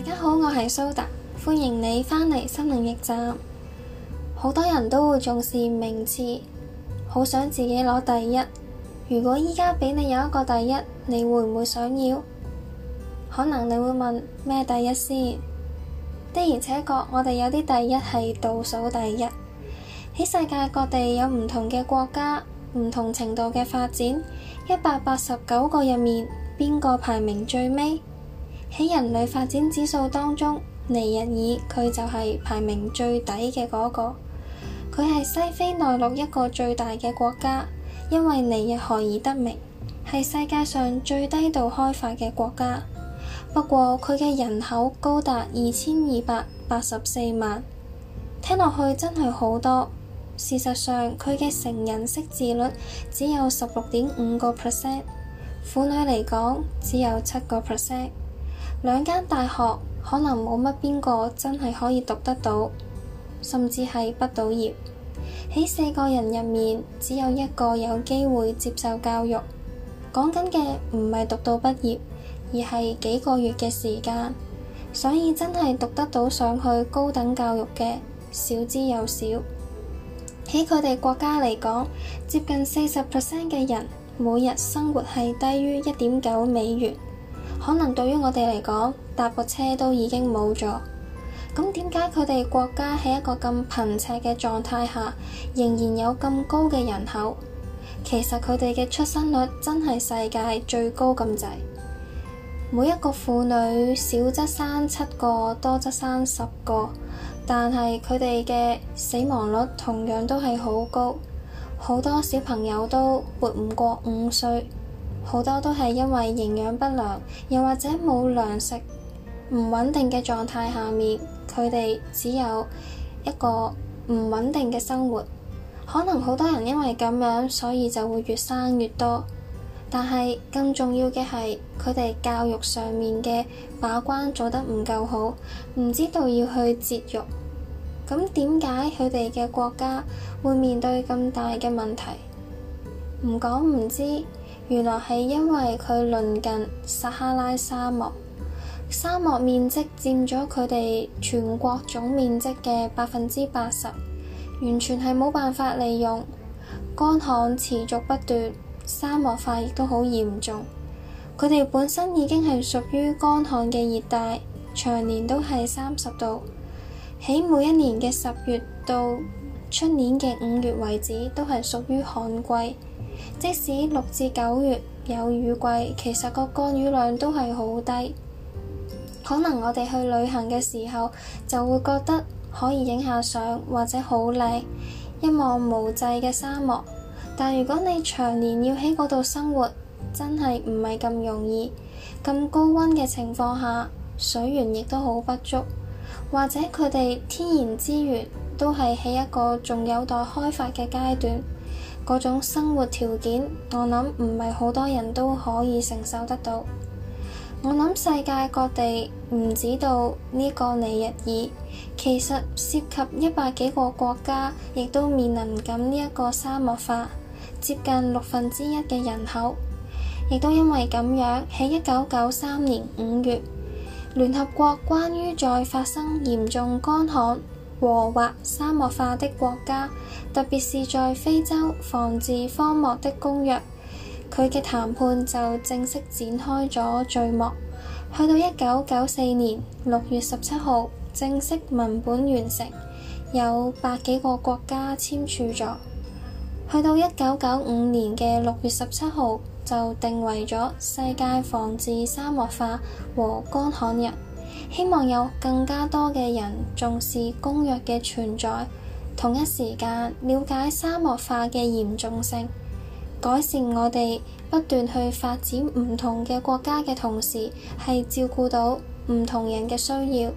大家好，我係蘇達，歡迎你返嚟細 GUIDE 補給站。好多人都會重視名次，好想自己攞第一。如果依家俾你有一個第一，你會唔會想要？可能你會問咩第一先？的而且確，我哋有啲第一係倒數第一。喺世界各地有唔同嘅國家，唔同程度嘅發展，一百八十九個入面，邊個排名最尾？喺人類發展指數當中，尼日爾佢就係排名最底嘅嗰個。佢係西非內陸一個最大嘅國家，因為尼日河而得名，係世界上最低度開發嘅國家。不過佢嘅人口高達二千二百八十四萬，聽落去真係好多。事實上，佢嘅成人識字率只有十六點五個 percent，婦女嚟講只有七個 percent。兩間大學可能冇乜邊個真係可以讀得到，甚至係畢到業。喺四個人入面，只有一個有機會接受教育。講緊嘅唔係讀到畢業，而係幾個月嘅時間。所以真係讀得到上去高等教育嘅少之又少。喺佢哋國家嚟講，接近四十 percent 嘅人每日生活係低於一點九美元。可能對於我哋嚟講，搭個車都已經冇咗。咁點解佢哋國家喺一個咁貧瘠嘅狀態下，仍然有咁高嘅人口？其實佢哋嘅出生率真係世界最高咁滯。每一個婦女少則生七個，多則生十個，但係佢哋嘅死亡率同樣都係好高，好多小朋友都活唔過五歲。好多都係因為營養不良，又或者冇糧食唔穩定嘅狀態下面，佢哋只有一個唔穩定嘅生活。可能好多人因為咁樣，所以就會越生越多。但係更重要嘅係佢哋教育上面嘅把關做得唔夠好，唔知道要去節育。咁點解佢哋嘅國家會面對咁大嘅問題？唔講唔知。原來係因為佢鄰近撒哈拉沙漠，沙漠面積佔咗佢哋全國總面積嘅百分之八十，完全係冇辦法利用。乾旱持續不斷，沙漠化亦都好嚴重。佢哋本身已經係屬於乾旱嘅熱帶，長年都係三十度。喺每一年嘅十月到出年嘅五月為止，都係屬於旱季。即使六至九月有雨季，其實個降雨量都係好低。可能我哋去旅行嘅時候就會覺得可以影下相，或者好靚，一望無際嘅沙漠。但如果你長年要喺嗰度生活，真係唔係咁容易。咁高溫嘅情況下，水源亦都好不足，或者佢哋天然資源都係喺一個仲有待開發嘅階段。嗰種生活條件，我諗唔係好多人都可以承受得到。我諗世界各地唔止到呢個尼日爾，其實涉及一百幾個國家，亦都面臨緊呢一個沙漠化，接近六分之一嘅人口，亦都因為咁樣喺一九九三年五月，聯合國關於再發生嚴重乾旱。和或沙漠化的國家，特別是在非洲，防治荒漠的公約，佢嘅談判就正式展開咗序幕。去到一九九四年六月十七號正式文本完成，有百幾個國家簽署咗。去到一九九五年嘅六月十七號就定為咗世界防治沙漠化和乾旱日。希望有更加多嘅人重視公約嘅存在，同一時間了解沙漠化嘅嚴重性，改善我哋不斷去發展唔同嘅國家嘅同時，係照顧到唔同人嘅需要，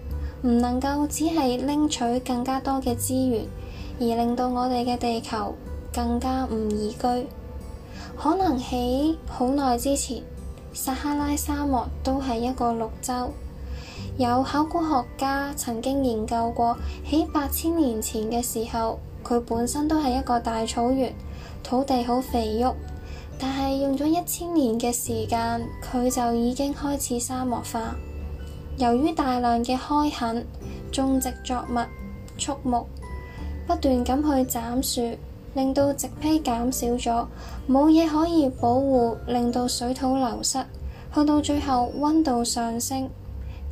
唔能夠只係拎取，取更加多嘅資源，而令到我哋嘅地球更加唔宜居。可能喺好耐之前，撒哈拉沙漠都係一個綠洲。有考古學家曾經研究過，喺八千年前嘅時候，佢本身都係一個大草原，土地好肥沃，但係用咗一千年嘅時間，佢就已經開始沙漠化。由於大量嘅開墾、種植作物、畜牧不斷咁去斬樹，令到植被減少咗，冇嘢可以保護，令到水土流失，去到最後温度上升。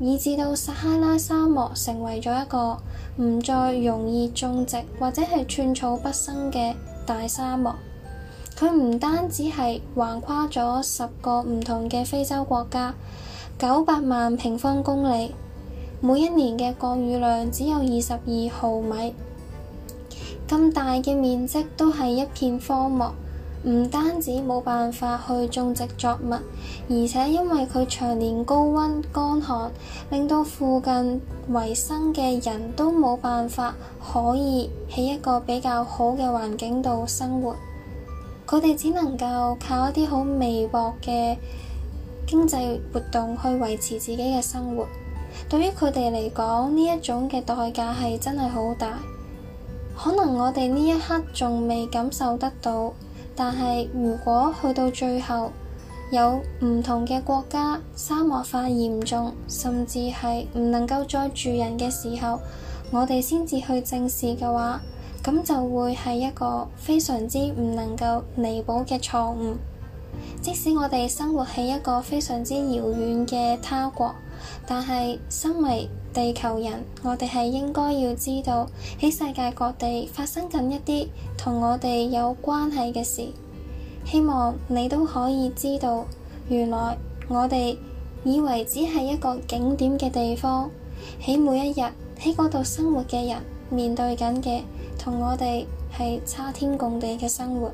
以至到撒哈拉沙漠成為咗一個唔再容易種植或者係寸草不生嘅大沙漠。佢唔單止係橫跨咗十個唔同嘅非洲國家，九百萬平方公里，每一年嘅降雨量只有二十二毫米，咁大嘅面積都係一片荒漠。唔單止冇辦法去種植作物，而且因為佢長年高温乾旱，令到附近維生嘅人都冇辦法可以喺一個比較好嘅環境度生活。佢哋只能夠靠一啲好微薄嘅經濟活動去維持自己嘅生活。對於佢哋嚟講，呢一種嘅代價係真係好大。可能我哋呢一刻仲未感受得到。但係，如果去到最後，有唔同嘅國家沙漠化嚴重，甚至係唔能夠再住人嘅時候，我哋先至去正視嘅話，咁就會係一個非常之唔能夠彌補嘅錯誤。即使我哋生活喺一個非常之遙遠嘅他國，但係身為地球人，我哋係應該要知道喺世界各地發生緊一啲同我哋有關係嘅事。希望你都可以知道，原來我哋以為只係一個景點嘅地方，喺每一日喺嗰度生活嘅人面對緊嘅，同我哋係差天共地嘅生活。